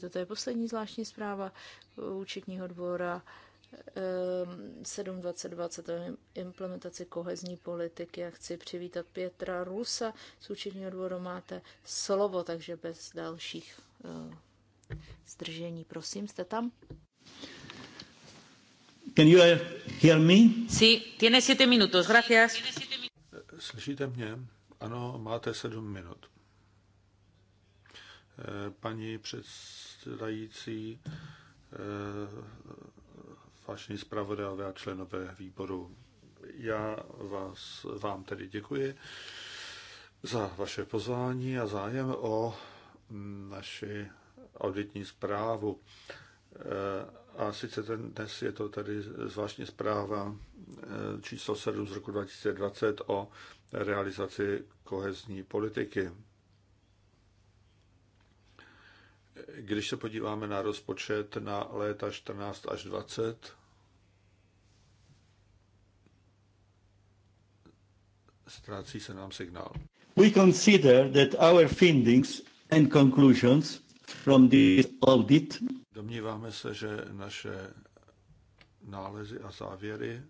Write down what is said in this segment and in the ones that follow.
Toto je poslední zvláštní zpráva účetního dvora 72020 o implementaci kohezní politiky. Já chci přivítat Pětra Rusa z účetního dvoru. Máte slovo, takže bez dalších ehm, zdržení. Prosím, jste tam? Can you hear me? Sí, tiene siete minutos, gracias. Slyšíte mě? Ano, máte sedm minut. Eh, paní přes předsedající, eh, vážení zpravodajové a členové výboru. Já vás, vám tedy děkuji za vaše pozvání a zájem o mm, naši auditní zprávu. Eh, a sice ten, dnes je to tady zvláštní zpráva eh, číslo 7 z roku 2020 o realizaci kohezní politiky. Když se podíváme na rozpočet na léta 14 až 20, ztrácí se nám signál. We consider that our findings and conclusions from this audit Domníváme se, že naše nálezy a závěry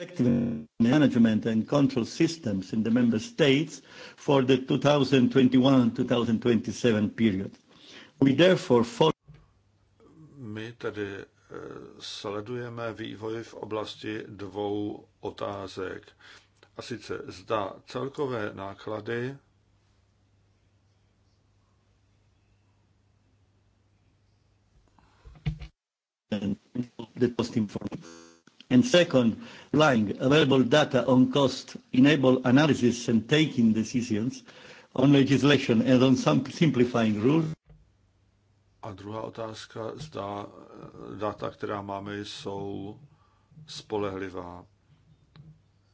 effective management and control systems in the member states for the 2021-2027 period. We therefore follow My tedy eh, sledujeme vývoj v oblasti dvou otázek. A sice zda celkové náklady the post information And second, relying available data on cost enable analysis and taking decisions on legislation and on some simplifying rules. A druhá otázka, zda eh, data, která máme, jsou spolehlivá.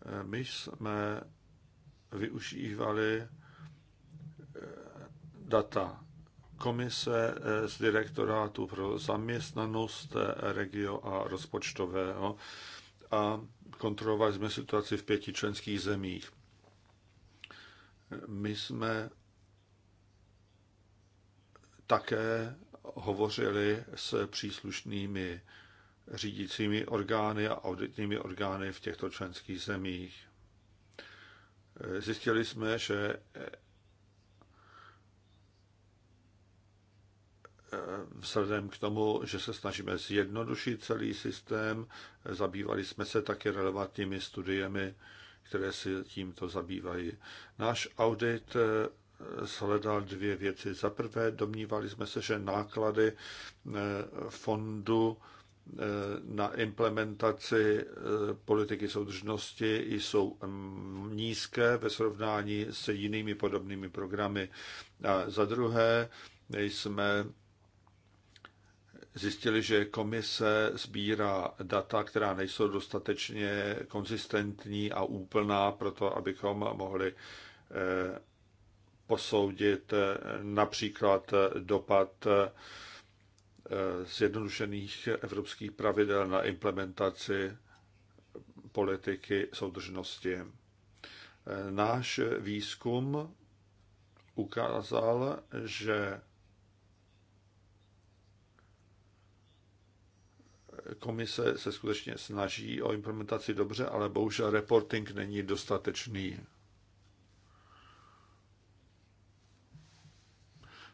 Eh, my jsme využívali eh, data komise eh, z direktorátu pro zaměstnanost eh, regio a rozpočtového a kontrolovali jsme situaci v pěti členských zemích. My jsme také hovořili s příslušnými řídícími orgány a auditními orgány v těchto členských zemích. Eh, zjistili jsme, že vzhledem k tomu, že se snažíme zjednodušit celý systém, zabývali jsme se také relevantními studiemi, které se tímto zabývají. Náš audit eh, shledal dvě věci. Za prvé, domnívali jsme se, že náklady eh, fondu eh, na implementaci politiky soudržnosti jsou mm, nízké ve srovnání s jinými podobnými programy. A za druhé, jsme zjistili, že komise sbírá data, která nejsou dostatečně konzistentní a úplná pro to, abychom mohli eh, posoudit eh, například dopad eh, zjednodušených evropských pravidel na implementaci politiky soudržnosti. Náš výzkum ukázal, že komise se skutečně snaží o implementaci dobře, ale bohužel reporting není dostatečný.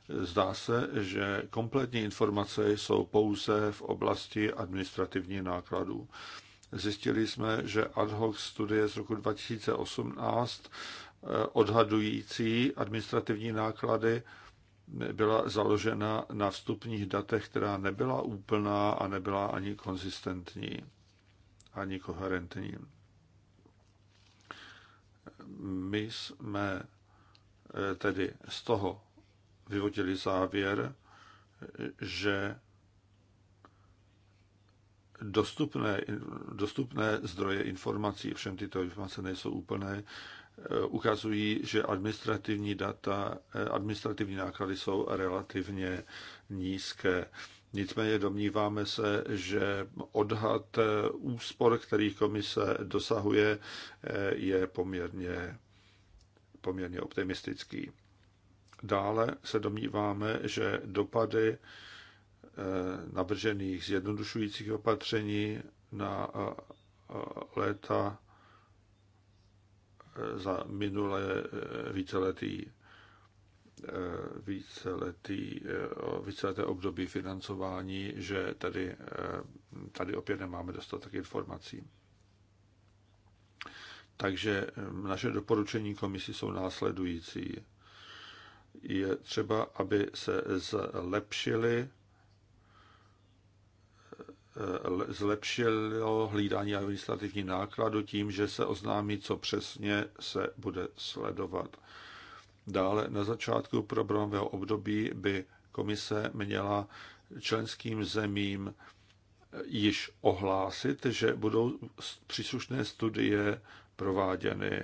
Zdá se, že kompletní informace jsou pouze v oblasti administrativních nákladů. Zjistili jsme, že ad hoc studie z roku 2018 eh, odhadující administrativní náklady byla založena na vstupních datech, která nebyla úplná a nebyla ani konzistentní, ani koherentní. My jsme eh, tedy z toho vyvodili závěr, že dostupné, dostupné zdroje informací, všem tyto informace nejsou úplné, Eh, ukazují, že administrativní data, eh, administrativní náklady jsou relativně nízké. Nicméně domníváme se, že odhad eh, úspor, který komise dosahuje, je poměrně, poměrně optimistický. Dále se domníváme, že dopady navržených zjednodušujících opatření na léta za minulé eh, víceletý, eh, víceletý, eh, víceleté období financování, že tady, tady opět nemáme dostatek informací. Takže naše doporučení komisi jsou následující. Je třeba, aby se zlepšily zlepšilo hlídání administrativní nákladu tím, že se oznámí, co přesně se bude sledovat. Dále na začátku programového období by komise měla členským zemím eh, již ohlásit, že budou příslušné studie prováděny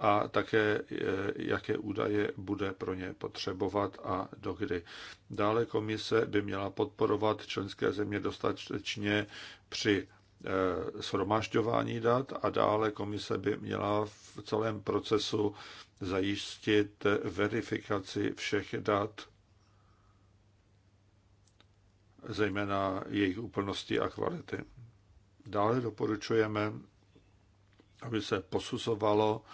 a také eh, jaké údaje bude pro ně potřebovat a dokdy. Dále komise by měla podporovat členské země dostatečně při eh, shromažďování dat a dále komise by měla v celém procesu zajistit verifikaci všech dat, zejména jejich úplnosti a kvality. Dále doporučujeme, aby se posuzovalo,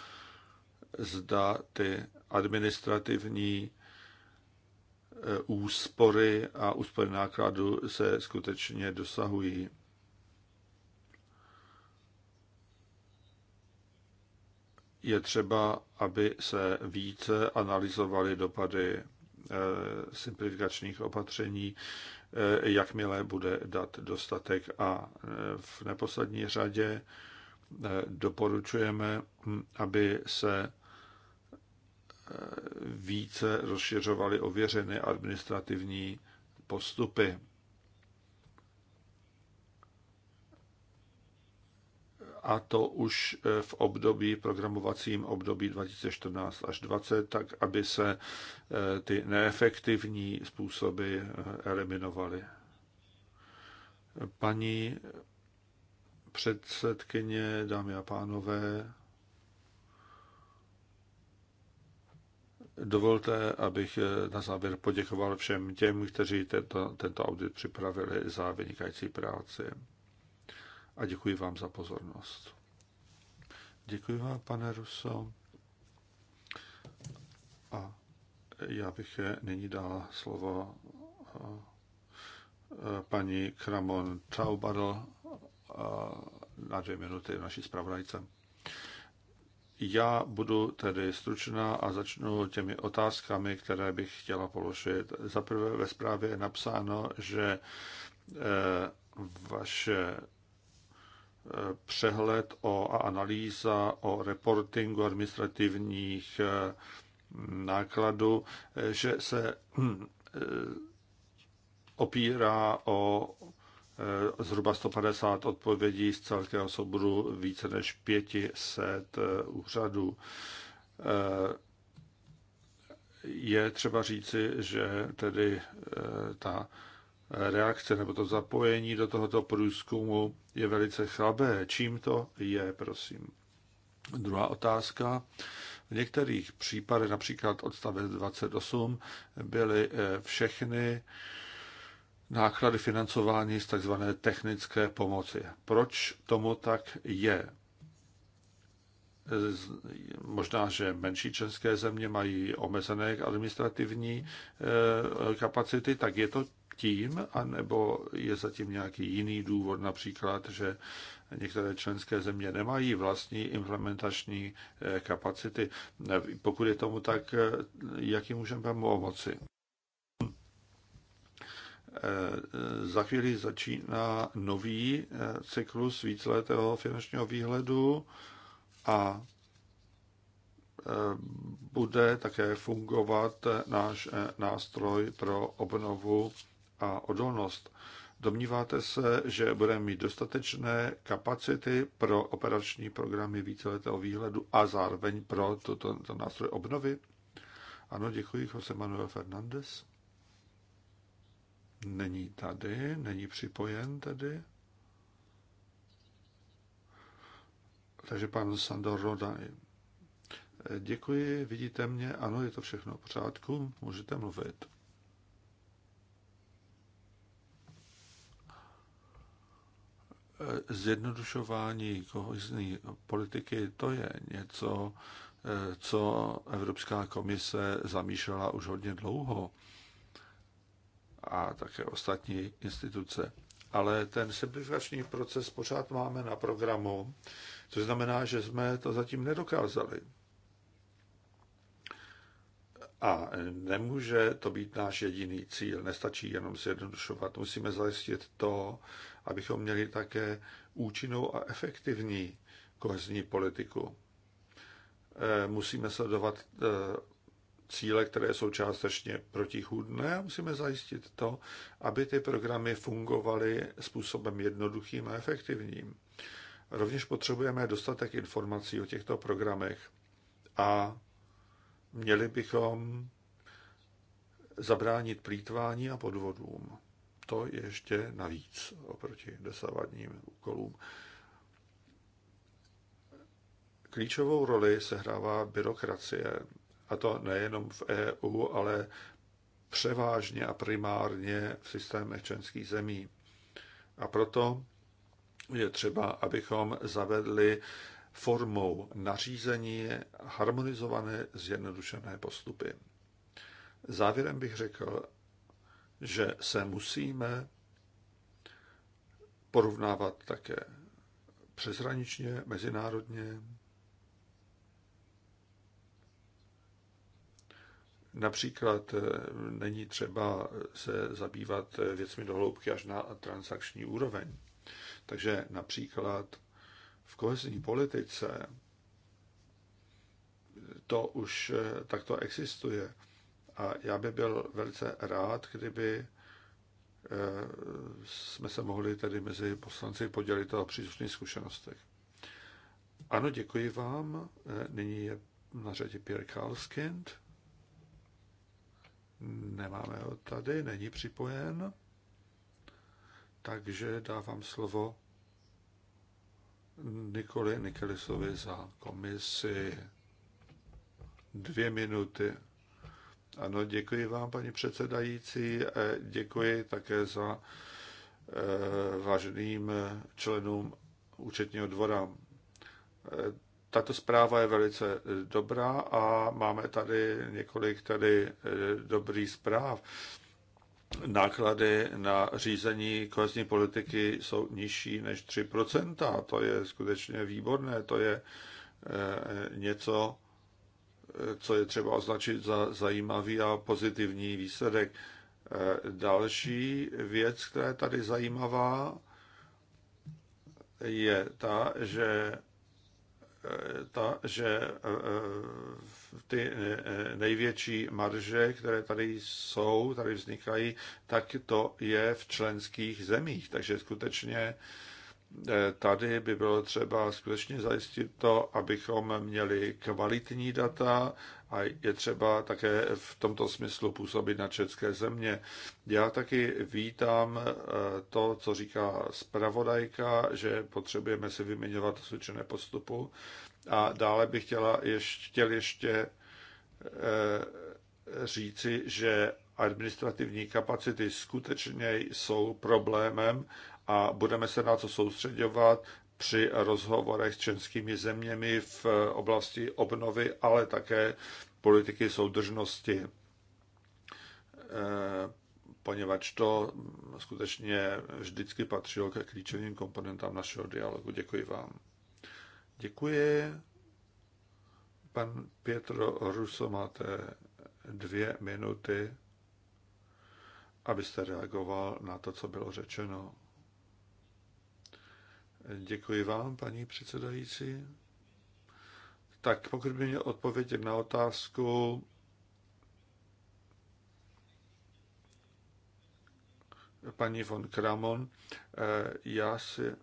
zda ty administrativní eh, úspory a úspory nákladů se skutečně dosahují. Je třeba, aby se více analyzovaly dopady eh, simplifikačních opatření, eh, jakmile bude dat dostatek. A v neposlední řadě doporučujeme, hm, aby se více rozšiřovaly ověřené administrativní postupy. A to už v období, programovacím období 2014 až 2020, tak aby se eh, ty neefektivní způsoby eh, eliminovaly. Paní předsedkyně, dámy a pánové, Dovolte, abych eh, na závěr poděkoval všem těm, kteří tento, tento audit připravili za vynikající práci. A děkuji vám za pozornost. Děkuji vám, pane Ruso. A já bych eh, nyní dal slovo eh, paní Kramon Taubadl na dvě minuty naší zpravodajce. Já budu tedy stručná a začnu těmi otázkami, které bych chtěla položit. Za prvé ve zprávě je napsáno, že eh, vaše eh, přehled o, a analýza o reportingu administrativních eh, nákladů, že se hm, opírá o Eh, zhruba 150 odpovědí z celkého souboru více než 500 eh, úřadů. Eh, je třeba říci, že tedy ta reakce nebo to zapojení do tohoto průzkumu je velice chabé. Čím to je, prosím? Druhá otázka. V některých případech, například odstavec 28, byly všechny náklady financování z tzv. technické pomoci. Proč tomu tak je? Možná, že menší české země mají omezené administrativní eh, kapacity, tak je to tím, anebo je zatím nějaký jiný důvod, například, že některé členské země nemají vlastní implementační eh, kapacity. Pokud je tomu tak, eh, jaký můžeme pomoci? Za chvíli začíná nový eh, cyklus víceletého finančního výhledu a eh, bude také fungovat eh, náš nástroj pro obnovu a odolnost. Domníváte se, že budeme mít dostatečné kapacity pro operační programy víceletého výhledu a zároveň pro toto, tento nástroj obnovy? Ano, děkuji, Jose Manuel Fernandez. Není tady, není připojen tedy. Takže pan Sandor Roda. Děkuji, vidíte mě, ano, je to všechno v pořádku, můžete mluvit. Zjednodušování kohezní politiky, to je něco, co Evropská komise zamýšlela už hodně dlouho a také ostatní instituce. Ale ten simplifikační proces pořád máme na programu, což znamená, že jsme to zatím nedokázali. A nemůže to být náš jediný cíl, nestačí jenom zjednodušovat. Musíme zajistit to, abychom měli také účinnou a efektivní kohezní politiku. Eh, musíme sledovat eh, cíle, které jsou částečně protichůdné a musíme zajistit to, aby ty programy fungovaly způsobem jednoduchým a efektivním. Rovněž potřebujeme dostatek informací o těchto programech a měli bychom zabránit plítvání a podvodům. To je ještě navíc oproti dosavadním úkolům. Klíčovou roli sehrává byrokracie a to nejenom v EU, ale převážně a primárně v systémech členských zemí. A proto je třeba, abychom zavedli formou nařízení harmonizované zjednodušené postupy. Závěrem bych řekl, že se musíme porovnávat také přeshraničně, mezinárodně, Například eh, není třeba se zabývat eh, věcmi dohloubky až na transakční úroveň. Takže například v kohezní politice eh, to už takto existuje. A já bych byl velice rád, kdyby jsme se mohli tedy mezi poslanci podělit o příslušných zkušenostech. Ano, děkuji vám. Nyní je na řadě Pierre Karlskind. Nemáme ho tady, není připojen. Takže dávám slovo Nikoli Nikelisovi za komisi. Dvě minuty. Ano, děkuji vám, paní předsedající. E, děkuji také za e, vážným členům účetního dvora. E, tato zpráva je velice e, dobrá a máme tady několik tady e, dobrých zpráv. Náklady na řízení kohezní politiky jsou nižší než 3%. To je skutečně výborné. To je e, něco, co je třeba označit za zajímavý a pozitivní výsledek. Další věc, která je tady zajímavá, je ta, že ta, že e, e, ty největší marže, které tady jsou, tady vznikají, tak to je v členských zemích. Takže skutečně Eh, tady by bylo třeba skutečně zajistit to, abychom měli kvalitní data a je třeba také v tomto smyslu působit na české země. Já taky vítám eh, to, co říká zpravodajka, že potřebujeme si vyměňovat osvědčené postupu. A dále bych chtěla ještě, chtěl ještě eh, říci, že administrativní kapacity skutečně jsou problémem a budeme se na to soustředovat při rozhovorech s českými zeměmi v oblasti obnovy, ale také politiky soudržnosti, eh, poněvadž to skutečně vždycky patřilo ke klíčovým komponentám našeho dialogu. Děkuji vám. Děkuji. Pan Pietro Russo, máte dvě minuty, abyste reagoval na to, co bylo řečeno. Děkuji vám, paní předsedající. Tak pokud by mě odpovědět na otázku, paní von Kramon, eh, já si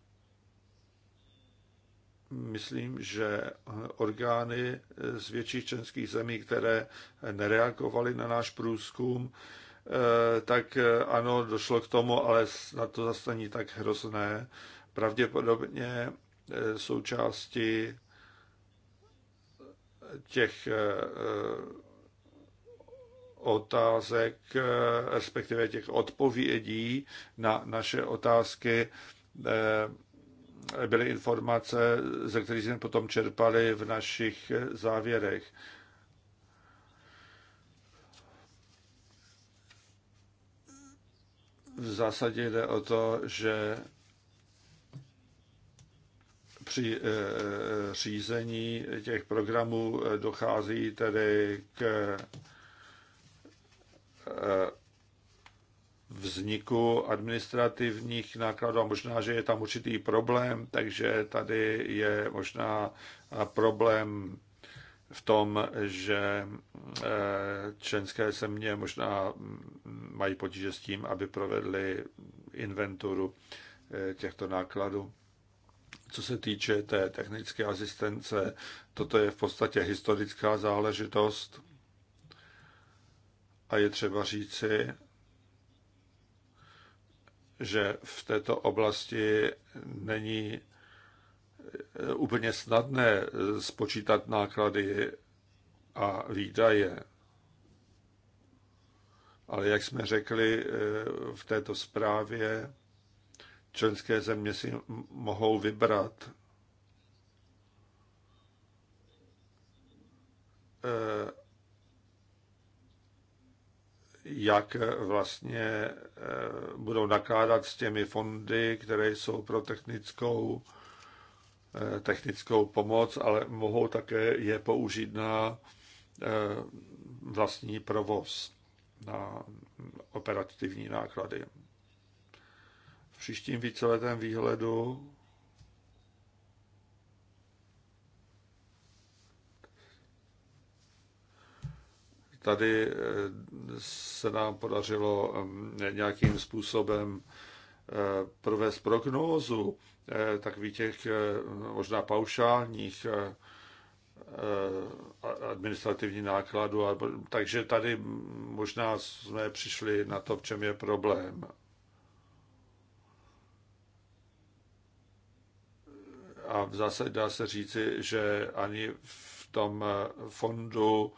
myslím, že orgány z větších členských zemí, které nereagovaly na náš průzkum, eh, tak ano, došlo k tomu, ale na to zase není tak hrozné pravděpodobně eh, součástí těch eh, eh, otázek, respektive těch odpovědí na naše otázky byly informace, ze kterých jsme potom čerpali v našich závěrech. V zásadě jde o to, že při eh, řízení těch programů eh, dochází tedy k eh, vzniku administrativních nákladů a možná, že je tam určitý problém, takže tady je možná problém v tom, že členské země možná mm, mají potíže s tím, aby provedli inventuru těchto nákladů. Co se týče té technické asistence, toto je v podstatě historická záležitost a je třeba říci, že v této oblasti není eh, úplně snadné eh, spočítat náklady a výdaje. Ale jak jsme řekli eh, v této zprávě, členské země si mohou vybrat. Eh, jak vlastně eh, budou nakládat s těmi fondy, které jsou pro technickou, eh, technickou pomoc, ale mohou také je použít na vlastní provoz, na operativní náklady příštím víceletém výhledu tady eh, se nám podařilo eh, nějakým způsobem eh, provést prognózu takových těch možná paušálních administrativní nákladů. Takže tady možná jsme přišli na to, v čem je problém. a v zásadě dá se říci, že ani v tom fondu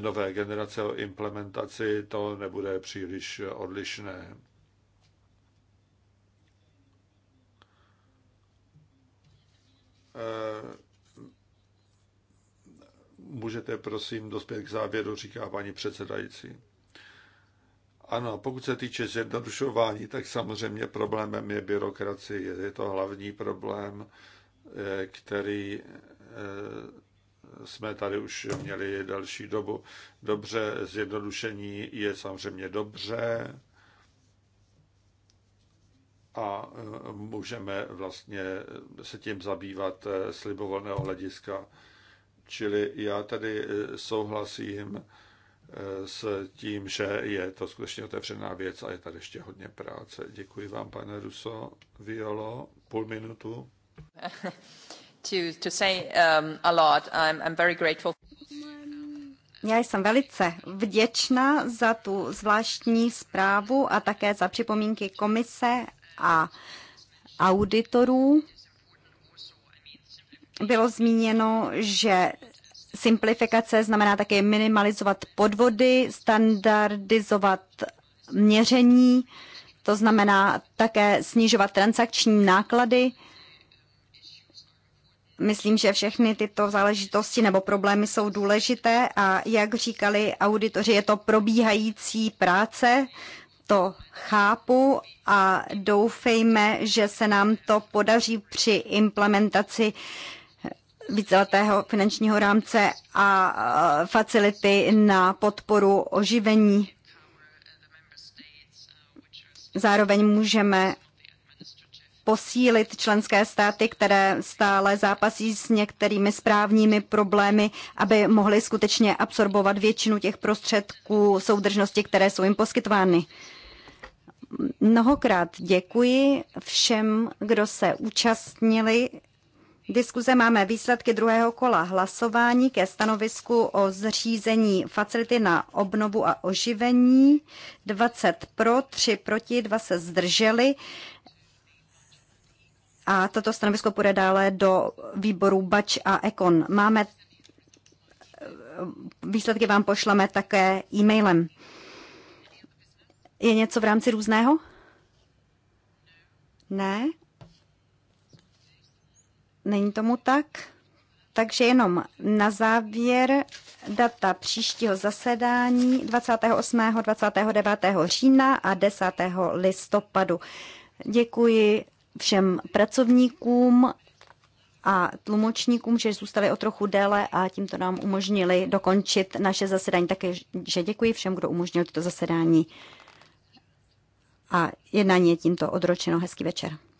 nové generace o implementaci to nebude příliš odlišné. Eh, můžete prosím dospět k závěru, říká paní předsedající. Ano, pokud se týče zjednodušování, tak samozřejmě problémem je byrokracie. Je to hlavní problém který eh, jsme tady už měli další dobu. Dobře, zjednodušení je samozřejmě dobře a eh, můžeme vlastně se tím zabývat slibovolného eh, hlediska. Čili já tady souhlasím s tím, že je to skutečně otevřená věc a je tady ještě hodně práce. Děkuji vám, pane Ruso. Violo, půl minutu. Um, Já jsem velice vděčná za tu zvláštní zprávu a také za připomínky komise a auditorů. Bylo zmíněno, že simplifikace znamená také minimalizovat podvody, standardizovat měření, to znamená také snižovat transakční náklady. Myslím, že všechny tyto záležitosti nebo problémy jsou důležité a jak říkali auditoři, je to probíhající práce, to chápu a doufejme, že se nám to podaří při implementaci víceletého finančního rámce a eh, facility na podporu oživení. Zároveň můžeme posílit členské státy, které stále zápasí s některými správními problémy, aby mohly skutečně absorbovat většinu těch prostředků soudržnosti, které jsou jim poskytovány. Mnohokrát děkuji všem, kdo se účastnili diskuze. Máme výsledky druhého kola hlasování ke stanovisku o zřízení facility na obnovu a oživení. 20 pro, 3 proti, 2 se zdrželi a toto stanovisko půjde dále do výboru Bač a Ekon. Máme výsledky vám pošleme také e-mailem. Je něco v rámci různého? Ne? Není tomu tak? Takže jenom na závěr data příštího zasedání 28. 29. října a 10. listopadu. Děkuji všem pracovníkům a tlumočníkům, že zůstali o trochu déle a tímto nám umožnili dokončit naše zasedání. Také, že děkuji všem, kdo umožnil toto zasedání. A jednání je tímto odročeno. Hezký večer.